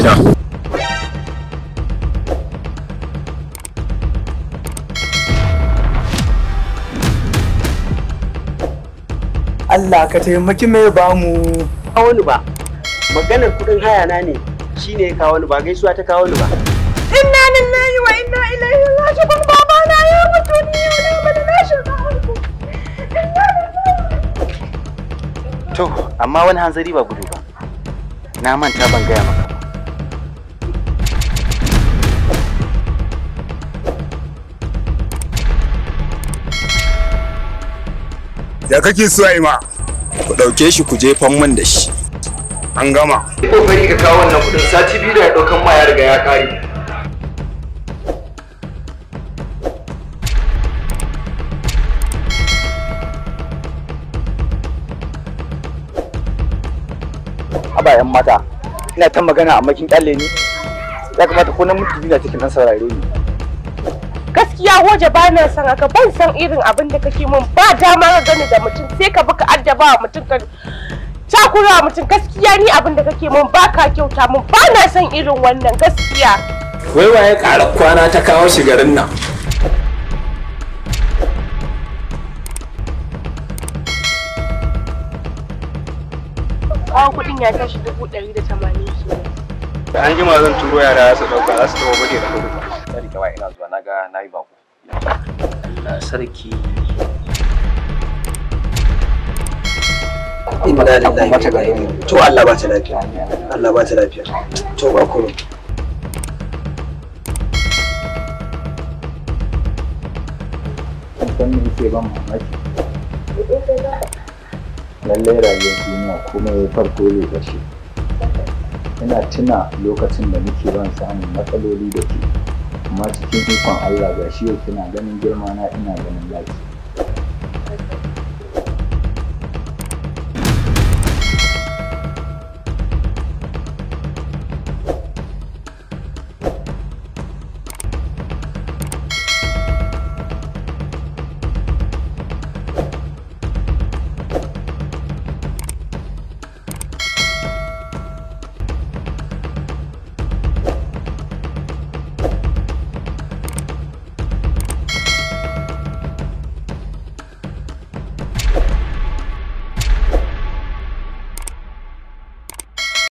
gida Allah ka taimaki mai ba mu. Kawo ni ba, maganar kudin haya na ne shi ne ya kawo ni ba gaisuwa ta kawo ni ba. Inna lillahi wa inna ilaihi raji'un baba na ya mutu ni ya na bada na shiga To, amma wani hanzari ba gudu ba. Na manta ban gaya maka. ya kake so a ma ku dauke shi ku jefan man da shi an gama kokari ka kawo wannan kudin sati biyu da ya ɗaukan ma ya riga ya ƙare Abayan yan mata ina ta magana a makin kyalle ne ya kamata ko na mutu na cikin dan saurare ne gaskiya waje ba na san haka ban san irin abin da kake mun ba dama ka gani da mutum sai ka baka addaba wa mutum ka takura mutum gaskiya ni abin da kake mun ba ka kyauta mun ba na san irin wannan gaskiya wai waye ƙara kwana ta kawo shi garin nan Kawo kuɗin ya tashi dubu ɗari da tamanin kenan. Da an jima zan turo yara su ɗauka za su taɓa bude da kuɗi. Sarki rike waya ina zuwa na ga na yi bako Allah sarki inna lillahi to Allah ba ta lafiya Allah ba ta lafiya to ba kuma san me yake ban mamaki lallai rayuwar duniya kuma ya farko ne da shi ina tuna lokacin da muke ban samun matsaloli da ke amma cikin ikon Allah gashi shi yau kina ganin girma na ina ganin lafiya